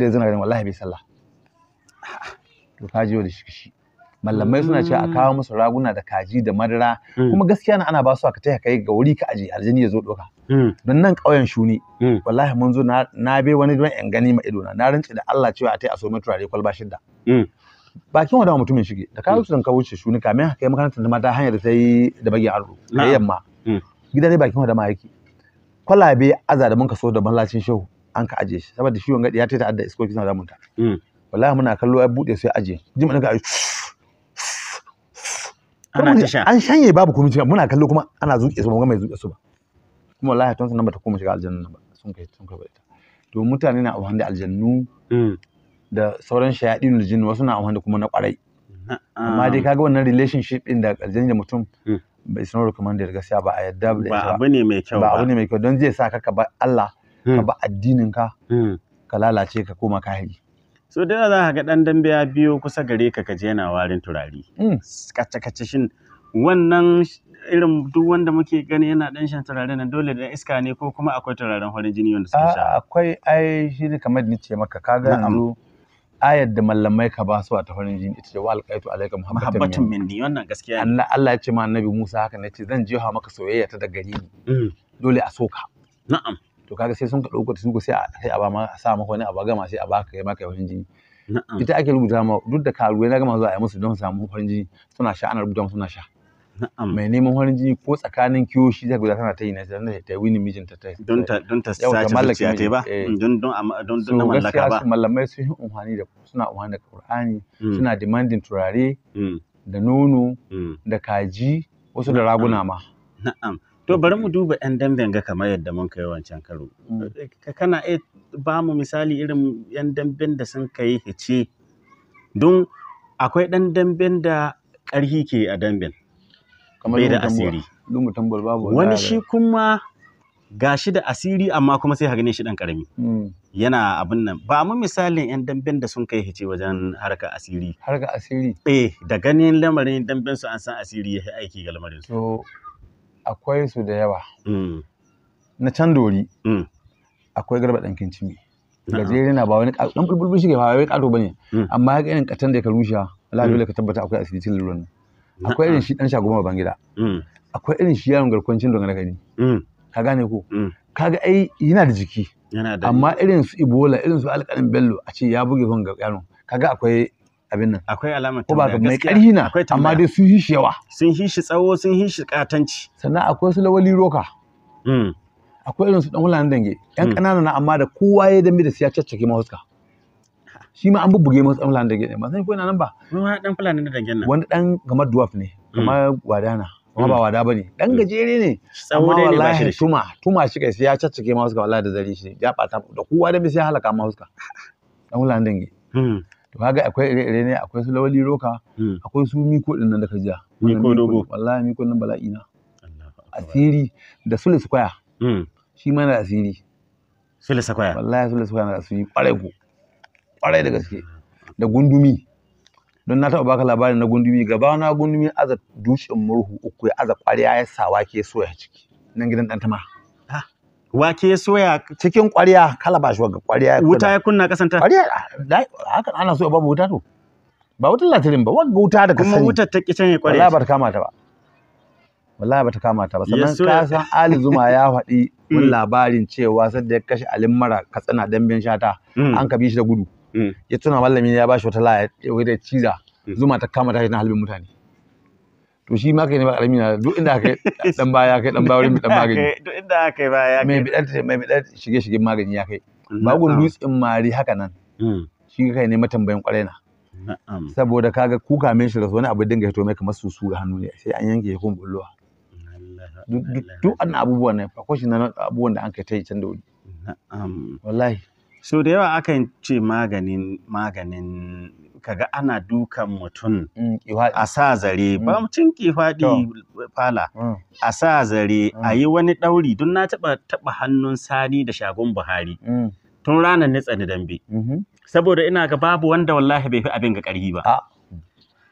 da yanzu na ganin wallahi bai sallah to ka jiyo da shi mallamai suna cewa a kawo musu raguna da kaji da madara hmm. kuma gaskiya na ana ba su aka taya kai ga wuri ka aje aljini ya zo doka hmm. don nan ƙauyen shuni hmm. wallahi mun zo na bai wani don yan gani ma idona na rinci da Allah cewa a tai a so mai turare kwalba shidda bakin wadawa mutumin shige da ka su ka wuce shuni kamin haka kai makarantar ma ta hanyar ta yi da bagin arro na yamma gidane bakin wadawa yake kwalabe aza da mun kaso da mallacin shehu an ka aje shi saboda shi gadi ya ta ta'adda iskoki suna damunta mm. wallahi muna kallo ya bude sai aje jima ka ana ta sha an shanye babu komai cikin muna kallo kuma ana zuke su ba mai zuke su ba kuma wallahi tun sanan bata koma shiga aljanna ba sun kai sun kai ita to mutane na amfani da aljannu mm. da sauran shayadin jin wasu na amfani da kuma na kwarai amma dai kaga wannan relationship din da aljanni da mutum mm. bai sanar da kamar da gaskiya ba a yadda ba abu ne mai kyau ba abu ne mai kyau don zai sa kaka ba Allah Hmm. ka ba addinin ka hmm. ka lalace ka koma kahiri so da za ka ga dan dambe ya biyo kusa gare ka ka je yana warin turare hmm. kace kace shin wannan irin duk wanda muke gani yana dan shan turare nan dole da iska ne ko kuma akwai turaren farin jini wanda suke sha akwai ai shi ne kamar ni ce maka ga yanzu ayar da mallamai ka ba su a ta farin jini ita ce wa alqaitu alayka min ni wannan gaskiya Allah Allah ya ce ma annabi Musa haka ne ce zan jiha maka soyayya ta da gari ne dole a soka na'am to kaga sai sun ka ɗauko ta ku sai a ba ma sa maka wani abu gama sai a baka kai maka farin jini ita ake rubuta ma duk da karuwa na gama zuwa a yi musu don samu farin jini suna sha ana rubuta suna sha mai neman farin jini ko tsakanin kiyoshi zai guda tana ta yi na ta ta wini mijin ta don ta don ta sace zuciya ta ba eh. don don don don na mallaka ba mallamai sun yi umhani da suna umhani da Qur'ani hmm. suna demanding turare hmm. da nono hmm. da kaji wasu da raguna ma na'am to bari mu duba 'yan damben ga kamar yadda mun kai wancan karo mm. kana iya ba mu misali irin 'yan damben da sun kai hice don akwai ɗan damben da ƙarhi ke a damben bai da asiri wani shi kuma gashi da asiri amma kuma sai hagane shi dan karami mm. yana abin nan ba mu misalin yan damben da sun kai hice wajen harka asiri harka asiri eh da ganin lamarin damben su an san asiri ya aiki ga lamarin su akwai su da yawa mm. na can dori mm. akwai garba ɗan kincimi gajere na ba wani ɗan bulbul shi ke ba wai ba bane mm. amma ya irin katan da ka rusha Allah dole ka tabbata akwai asiri cikin lulun akwai irin shi ɗan shagoma ban gida akwai irin shi yaron garkwancin don gani ka gane ko kaga ai yana da jiki amma irin su ibola irin su alƙalin bello a ce ya buge kan ga yaron kaga akwai abin akwai alamar ko ba mai ƙarfi na amma dai sun hishi yawa sun hishi tsawo sun hishi katanci sannan akwai su lawali roka hmm. akwai irin su dan hulanin dange yan hmm. ƙanana na amma da kowa ya dambe da siya ya caccake huska shi ma an bubbuge masu dan hulanin dange ne ba san ko yana nan ba wani dan fulani na dangen nan wani dan kamar dwarf ne hmm. kamar gwadana amma ba wada bane dan gajere ne amma wallahi tuma tuma shi kai sai ya caccake mahuska wallahi da zari shi ya bata da kowa dambe sai ya halaka mahuska dan hulanin dange to kaga akwai ire-ire ne akwai su lawali roka hmm. akwai su miko din nan da ka jiya miko dogo wallahi miko nan bala'i na asiri da sule square hmm. shi ma na asiri sule square wallahi sule square na asiri kwarai ko kwarai da gaske da gundumi don na taɓa baka labarin na gundumi gaba na gundumi aza dushin murhu uku ya aza ƙwarya ya sawa ke soya ciki nan gidan ɗan tama wake soya cikin kwariya kalabash ga kwariya. wuta ya kunna kasanta kwariya hakan ana so ya wuta to ba wutar latirin ba wagga wuta da kasani kuma wutar ta kicin ya kwariya wallahi ba ta kama ta ba wallahi ba ta kama ta ba sannan ka san Ali Zuma ya faɗi mun mm. labarin cewa da ya kashe Alin Mara Katsina Damben Shata mm. an ka bi shi da gudu mm. ya tuna mallami ya bashi wata laya ya ciza Zuma ta kama ta na halbin mutane to shi ma kai ne ba karami na duk inda kai dan baya kai dan baya dan magani duk inda kai baya mai bidan mai bidan shige shige magani ya kai magun dutsen mari haka nan hmm. shi kai ne matambayin kwarai na saboda kaga kuka min shi da wani abu dinga hito mai kamar susu ga hannu ne sai an yanke hukun bulluwa duk an abubuwan ne fa shi na abubuwan da an kai ta yi can da wuri wallahi so da yawa akan ce maganin maganin kaga ana dukan mutum mm, a sa zare mm. ba mutum kifaɗi fala mm. a sa zare a yi wani ɗauri don na taɓa hannun sani da shagon buhari tun ranar nitsa ni dambe mm-hmm. saboda ina ga babu wanda wallahi bai fi abin ga ƙarfi ba ah.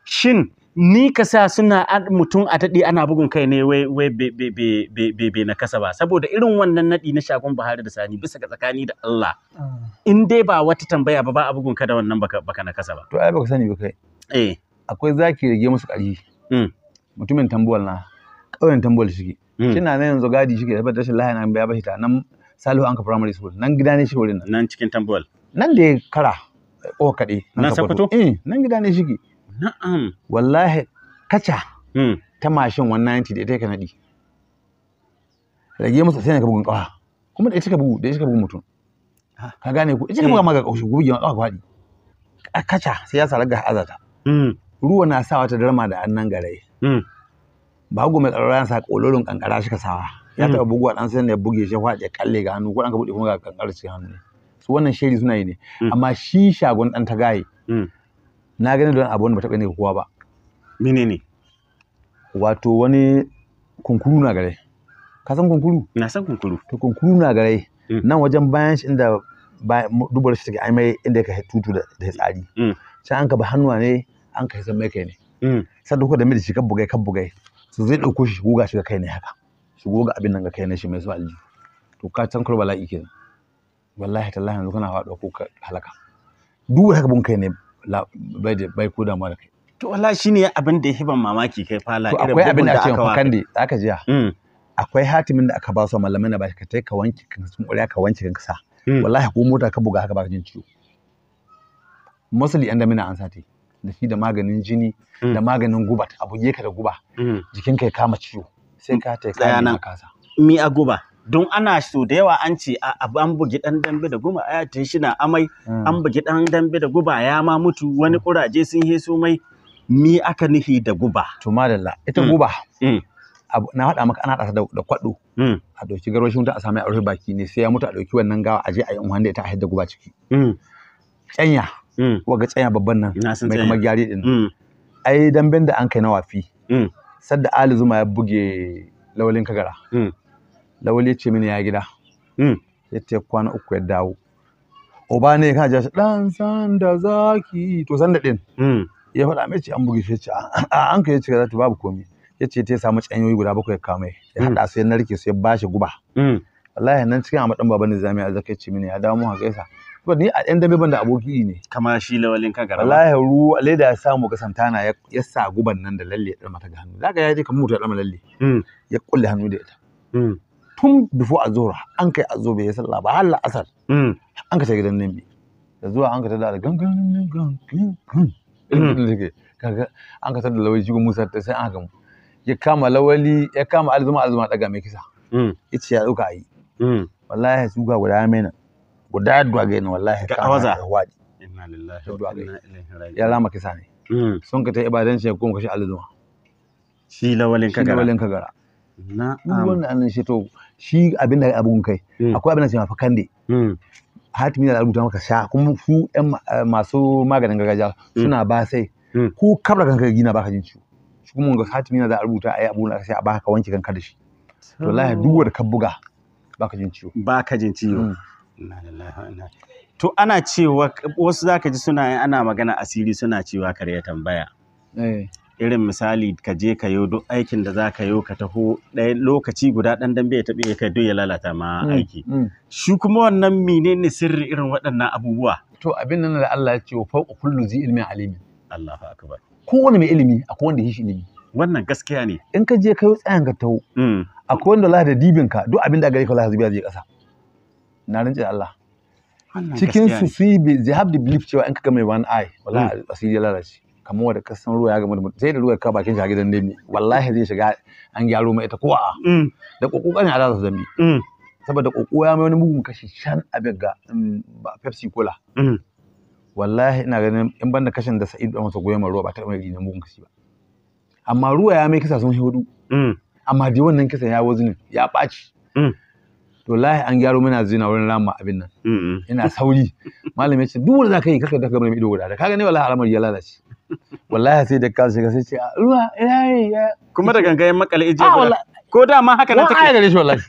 shin ni ka sa suna mutum a taɗi ana bugun kai ne wai wai na kasa ba saboda irin wannan naɗi na shagon Buhari da Sani bisa ga tsakani da Allah ah. in dai ba wata tambaya ba ba a bugun ka da wannan baka na kasa ba to ai baka sani ba kai eh akwai zaki rage musu ƙari hmm. mutumin tambuwal na ƙauyen tambuwal shi kina hmm. nan yanzu gadi shi ke da rashin lahayi nan ya bashi ta nan Salihu Anka Primary School nan gida ne shi wurin nan nan cikin tambuwal nan da ya kara ko kaɗe nan sakwato eh nan gida ne shi ke Na'am. Wallahi kaca hmm. ta mashin 190 da ita ka naɗi. Rage masa sai ne ka bugun ƙawa. Kuma da ita ka bugu, da ita ka bugu mutum. Ka gane ku, ita ka buga maka ƙaushe, gobe gina ƙawa faɗi. Kaca sai ya sa raga azata. Hmm. Ruwa na sawa ta darma da annan garai. Hmm. Bago mai tsaron sa ƙololin ƙanƙara shi ka sawa. Ya taɓa buguwa ɗan sai ya buge shi ya kalle ga hannu, ko ɗan ka buɗe kuma ga ƙanƙara cikin hannu. Su wannan shiri suna yi ne. Amma shi shagon ɗan ta gaye. na gani da wani abu wanda ba taɓa gani kowa ba menene wato wani kunkuru na gare ka san kunkuru na san kunkuru to kunkuru na gare mm. nan wajen bayan shi inda dubar shi take aimai inda ka tutu da tsari sai mm. an ka ba hannuwa ne an ka san mai kai ne mm. sai duka da miji shi kabbugai bugai bugai su zai dauko shi goga shi ga kai ne haka shi goga abin nan ga kai ne shi mai su aljihu to ka san kurbala kenan wallahi tallahi yanzu kana faɗo ko halaka duk haka bun kai ne bai ko damuwa da kai to shi shine abin da ya ban mamaki kai fala irin akwai abin da ake yin da aka ji mm. akwai hatimin da aka ba su malamai na ba ka tai ka wanke kan sun ƙuriya ka wanke kan kasa. Mm. wallahi ko mota ka buga haka ba ka jin ciwo musuli an da mina an sati da shi da maganin jini mm. da maganin guba abu ka da guba jikinka ya kama ciwo sai ka ta kama kasa mi a guba don ana so da yawa an ce a an bugi dan dambe da guba Aya ta shi na amai hmm. an bugi dan dambe da guba ya ma mutu wani kuraje sun heso mai Mi aka nufi da guba to madalla ita hmm. guba hmm. na faɗa maka ana ɗasa da kwaɗo a ɗauki shi mutu a sami a rufe baki ne sai ya mutu a ɗauki wannan gawa a je a yi da ita ta haidda guba ciki tsanya waga tsanya babban nan mai kuma gyari din ai damben da an kai na wafi sadda ali zuma ya buge laulin kagara lawali ce mini ya gida hmm. ya ce kwana uku ya dawo Oba ne kana jashi dan sanda zaki to sanda din hmm. ya faɗa mai ce an bugi shi ce a an ka ya ce ta babu komai ya ce ta samu canyoyi guda bakwai ya kame ya hmm. haɗa sai narke sai bashi guba wallahi nan cikin amadan babban nizami a zakai ce mini ya dawo mu haka to ni a ɗan dambe ban da aboki ne kama shi lawalin ka garaba wallahi ruwa leda ya samu kasantana ya sa guban nan da lalle ya dalma ga hannu zaka ya je kamar mutu ya dalma lalle ya kulle hannu da ita tun bifo a zuwa an kai a zo bai yasa ba har la'asar mm. an ka ta gidan nemi da zuwa an ka ta da gangan gangan mm. kaga an ka ta da lawali jigo musa ta sai an haka ya kama lawali ya kama alzuma alzuma daga mai kisa mm. ya ya duka yi wallahi su ga guda mai nan guda duwa ga yana wallahi ka waza inna lillahi wa inna ilaihi raji'un ya rama kisa ne sun ka ta ibadanci ya koma kashi alzuma shi lawalin kagara lawalin kagara na'am wannan an shi to shi abin da ya bugun kai hmm. akwai abin da sai mafi kande hmm. hatimi na rubuta maka sha kuma su yan eh, masu maganin gargajiya hmm. suna ba sai ko kabla kanka gina baka jin ciwo shi kuma ga hatimi na da rubuta ayi abun da sai a baka wanke kanka da shi to wallahi duk wanda ka buga baka jin ciwo baka jin ciwo to ana cewa wasu zaka ji suna ana magana asiri suna cewa kare tambaya eh. irin misali ka je ka yo duk aikin da za ka yo ka taho ɗaya lokaci guda ɗan dambe ya taɓe kai duk ya lalata ma mm, aiki mm. shi kuma wannan menene sirri irin waɗannan abubuwa to abin nan da Allah ya ce wa fawqa kullu zi ilmin alimi. Allahu akbar kowane mai ilimi akwai wanda shi ilimi wannan gaskiya ne in ka je ka yo tsayan ka taho mm. akwai wanda Allah da dibin ka duk abin da gare ka Allah zai ƙasa na da Allah cikin su su yi zai have the belief cewa in ka gama mai one eye asiri ya lalace kamar wanda kasan ruwa ya gama da sai da ruwa ka bakin shi a gidan dami wallahi zai shiga an gyaro mai ita mm. ko a da kokokarin ya zasu zambi mm. saboda koko ya mai wani mugun kashi shan abin ga um, Pepsi Cola mm. wallahi ina ganin in banda kashin da Sa'id da masa goyon ruwa ba ta mai na mugun kashi ba amma ruwa ya mai kisa sun hudu amma dai wannan kisa ya wazinin ya ɓaci to lahi an gyaro mana zina wurin rama abin nan ina sauri Malamin ya ce duk wanda zaka yi kaka da kamar ido guda da kaga ne wallahi alamar ya lalace wallahi sai da ka ga sai ce ruwa ilahi kuma da gangayen makale ije ah, ko da ma haka nan take wallahi gare shi wallahi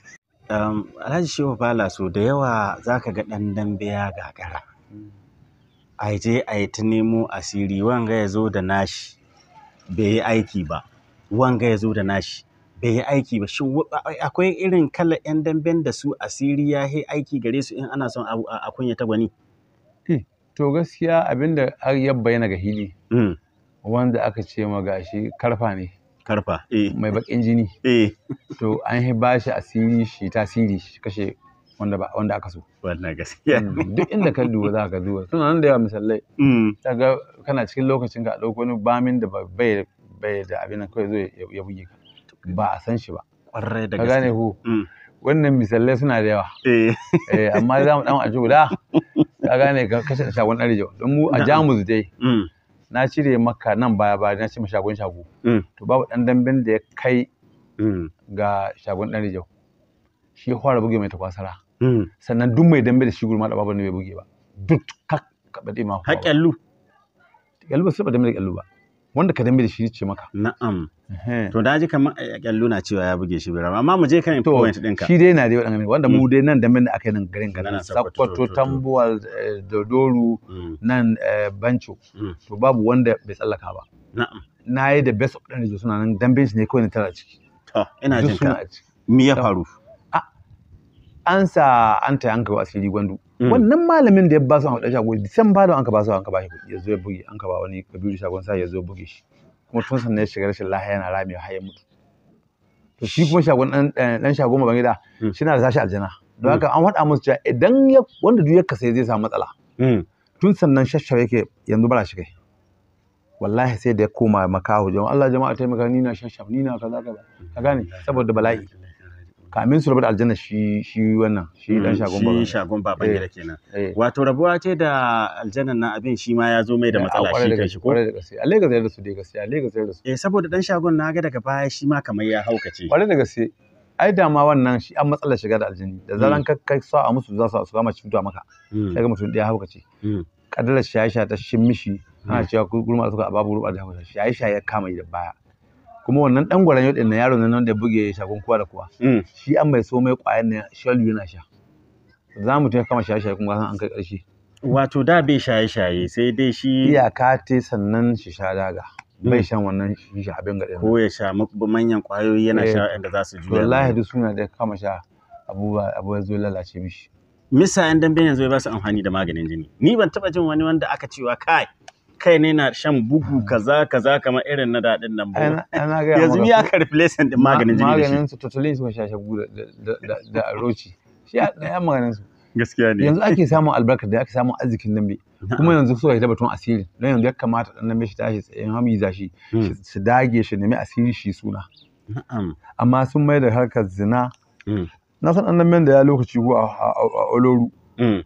um, alhaji shehu fala so da yawa zaka ga dan dambe ya gagara ai je ai ta nemo asiri wanga ya zo da nashi bai yi aiki ba wanga ya zo da nashi bai yi aiki ba shin akwai irin kala yan damben da su asiri ya yi aiki gare su in ana son a kunya ta gwani eh, to gaskiya abinda ya bayyana ga hili hmm. wanda aka ce ma gashi karfa ne karfa eh mai bakin jini eh to an yi shi asiri shi tasiri shi kashe wanda ba wanda aka so wannan gaskiya mm, duk inda ka duba za ka duba suna nan da yawa misalai daga mm. kana cikin lokacin ka dauko wani bamin da bai bai da abin nan kawai zo ya buge ka ba a san shi ba kwarai da gaskiya ka gane ko mm. wannan misalai suna da yawa eh, eh amma za mu dan aji guda ka gane ka kashe shagon jau. don mu a jamus dai na cire maka nan baya baya na cire shagon shago mm. to babu dan damben da ya kai mm. ga shagon dan rijau shi ya fara buge mai takwasara mm. sannan duk mai dambe da shi gurma da babu ne bai buge ba duk kak bade ma haƙƙallu ƙyallu ba sai ba dambe da ƙyallu ba wanda ka dambe da shi ce maka na'am to da ji kamar kyallo eh, na cewa ya buge shi birama amma mu je kan point ɗinka shi dai na dai wadannan wanda mu mm. dai nan dambe da aka yi nan garin garin sakkwato tambuwal eh, da doru mm. nan eh, banco mm. to babu wanda bai tsallaka ba na'am na yi da best of ɗan da suna nan dambe shi ne kawai na tara ciki to ina jin ka me ya faru an sa an ta yanka kawo asiri gwandu mm. wannan malamin da ya ba su an shago disan ba da an ka ba su an ka ba shi ya zo ya buge an ka ba wani kabiru shagon sa ya zo ya buge shi kuma tun sannan ya shiga rashin lahaya na rami har ya mutu to shi kuma shagon dan dan shagon ban gida mm. shi na da sashi aljana don mm. haka an faɗa musu cewa idan wanda duk ya kasa zai samu matsala tun sannan shashshar yake yanzu ba shi kai wallahi sai da ya koma makaho jama'a Allah jama'a taimaka ni na shashshaf ni na kaza kaza ka gane saboda bala'i kamin su rabu da aljanna shi shi wannan shi dan mm, shagon baba shi shagon baba gida eh, kenan eh. wato rabuwa ce da aljanna nan abin shi ma ya zo mai da eh, matsala shi kai shi ko kwarai da gaske a Lagos da su dai gaskiya Lagos da su eh saboda dan shagon na ga daga baya shi ma kamar ya haukace kwarai da gaske ai da ma wannan shi an matsalar shiga da aljanni da zaran mm. ka kai sa a musu za su su gama cuta maka mm. sai ga mutum ɗaya haukace kadalar ya sha ta shin mishi ana cewa gurma suka a babu ruba da hausa ya sha ya kama da baya kuma wannan dan gwaran yau na yaro nan wanda buge shagon kowa da kowa mm. shi an mai so mai kwayan na shalu yana sha za mu tuna kama shaye-shaye kuma an kai ƙarshe wato da bai shaye-shaye sai dai shi iyaka te sannan shi sha daga mm. bai shan wannan shisha abin gaɗe ko ya sha manyan ƙwayoyi yana eh. sha inda za su juya wallahi duk suna da kama sha abubuwa abu ya zo lalace mishi misa yan dambe yanzu ya ba su amfani da maganin jini ni ban taɓa jin wani wanda aka cewa kai kai ne na shan bugu kaza kaza kamar irin na daɗin nan ba yanzu ya ka replace din maganin jini maganin su totally sun sha shagu da da roci shi ya ɗaya maganin su gaskiya ne yanzu ake samun albarka da ake samun arzikin dambe kuma yanzu so ya batun asiri don yanzu ya kamata dan dambe shi tashi in hamiza zashi. Hmm. su dage shi nemi asiri shi suna amma sun mai da harkar zina hmm. na san annan da ya lokaci ko a oloru hmm.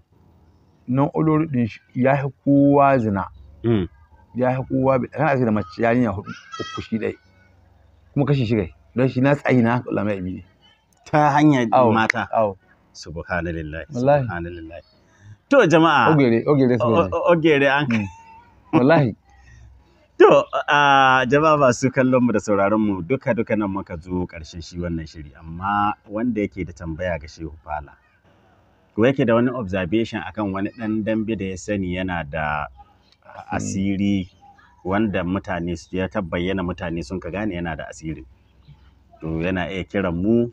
nan oloru din ya kowa zina Mm. ya yi kowa bi kana ake da mace yarinya hudu uku shi dai kuma kashi shi gai don shi na tsayi na kula mai ne ta hanyar mata awo subhanallahi subhanallahi to jama'a ogere ogere ogere an mm. wallahi To, uh, jama'a su kallon mu da sauraron mu duka duka nan muka zo karshen shi wannan shiri amma wanda yake da tambaya ga Shehu Fala ko yake da wani observation akan wani ɗan dambe da ya sani yana da asiri wanda mutane ya tabbayyana mutane sun ka gane yana da asiri to yana iya kiran mu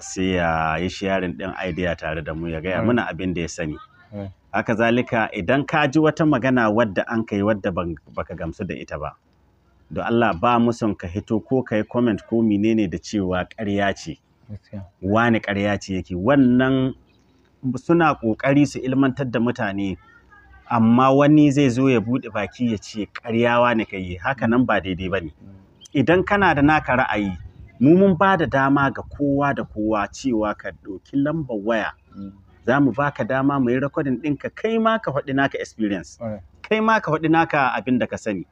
sai ya yi sharing din idea tare da mu ya gaya muna hmm. abin da ya sani hmm. haka zalika idan ka ji wata magana wadda an kai wadda baka gamsu da ita ba da Allah ba musun ka hito ko ka yi comment ko menene da cewa ƙarya ce wani ƙarya ce yake wannan suna ƙoƙari su ilmantar da mutane amma wani zai zo ya buɗe baki ya ce karyawa ne ka yi haka nan ba daidai ba ne idan kana da naka ra'ayi mu mun ba da dama ga kowa da kowa cewa ka ɗauki lambar waya za mu ba ka dama mu yi rikodin ɗinka kai ma ka faɗi naka experience kai ma ka faɗi naka abin da ka sani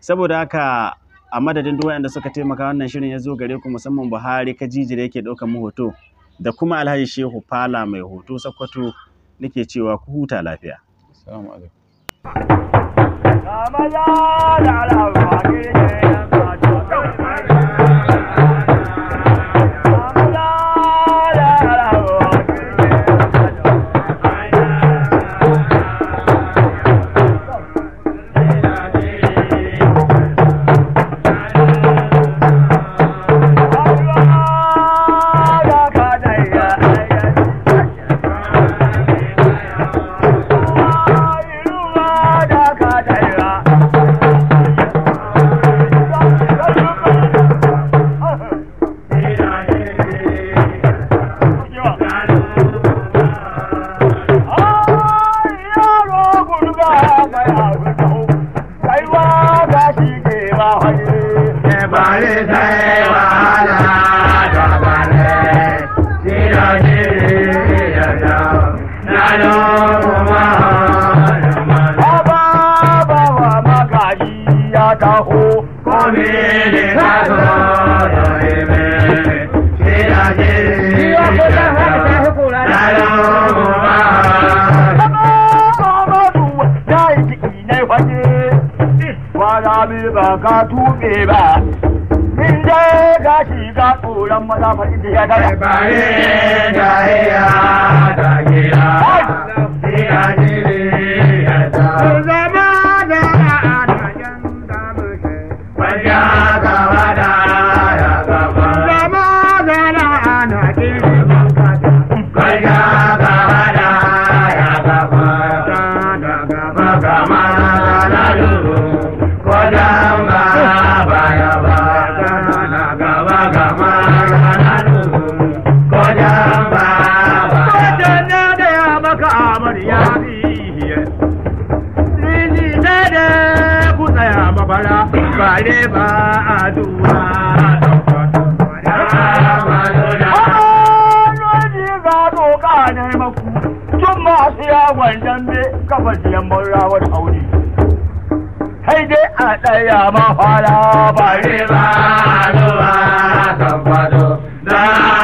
saboda haka a madadin duk da suka taimaka wannan shirin ya zo gare ku musamman Buhari ka da yake ɗaukar mu hoto da kuma Alhaji Shehu Fala mai hoto Sokoto nake cewa ku huta lafiya السلام عليكم ka tube ba min ga shi ga tsoron maza faɗi da ya dara bare da ya da gida ina jire ya da zama da a ana jan damushe ba a duba ne maku tun masu yawon dambe kafa siyan aure kai dai a ɗaya mafara ba ba a duba kan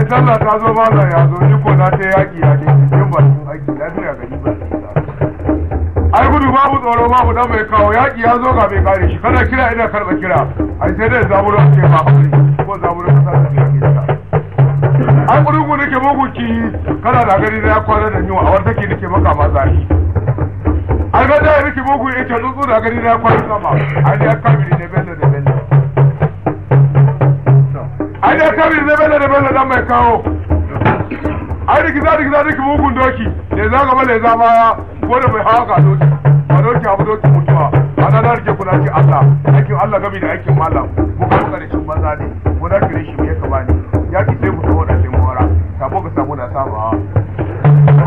ai sallah ta zo ba za ya zo ni ko na ta yaki ya ne cikin bakin aiki lafiya gari ba ai gudu babu tsoro babu dan mai kawo yaki ya zo ga mai kare shi kada kira ina karba kira ai sai dai zaburan ce ba hakuri ko zaburan ka sa ai gudu gudu ke bugu ki kana da gari ya kwana da yunwa a wata ke nake maka mazari ai ga da ya nake mugu ita tsuntsu da gari na kwana sama ai ya kabiri ne bello da ai da kan rinne bela da mai kawo ai da giza da giza da mugun doki Ne za gaba da za baya ko da hawa ka doki ba doki abu doki mutuwa ana da rike kuna ki Allah aikin Allah gabi da aikin mallam. mu ka kare shi banza ne mu da kare shi ya kaba ne ya ki sai mu tawo da sai mu wara sabo ka samu da saba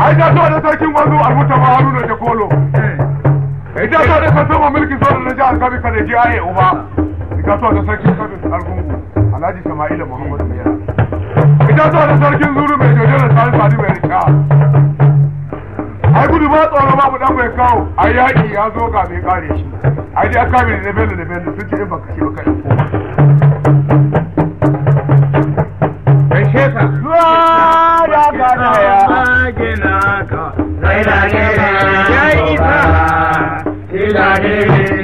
ai da to da sarkin a mutum a haruna da kolo eh da to da sarkin mulki sauran da jihar kabi kada ji ai uba ka to da sarkin kabi alhaji sama'ila Muhammad mera ita zuwa da sarkin zuru mai jojo da tsarin fadi mai rika ai gudu ba tsoro ba mu dan mai kawo ai yaƙi ya zo ga mai kare shi ai dai aka mai da bello sun ce in baka shi baka in koma yeah, yeah. zuwa